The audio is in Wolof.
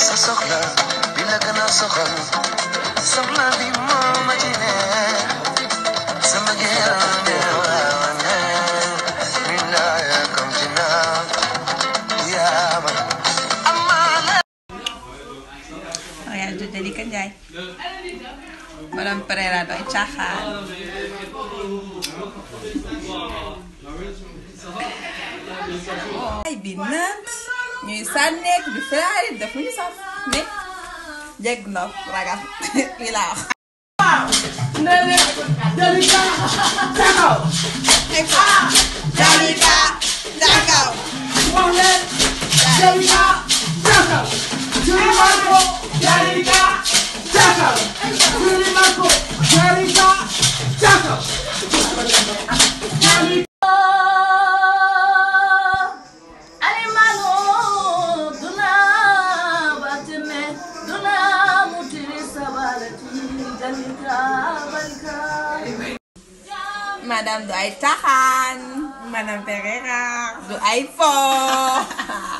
sa soxla bi la gën a soxal soxla bi moo ma ci ne sama gëral de waawa ne mi naa yaa kom ci naa yaa ma amaana yaa judde di ka njaay madame Pereira doy caaxaan ay bi naan ñuy sànneeg di firaari def lu ñu saf ne jégg na ragal lii laa wax. Nene Jalika Jakaw. Jalika Jakaw. Wax leen Jalika Jakaw. Madame du ay taxaan Madame Pereira du ay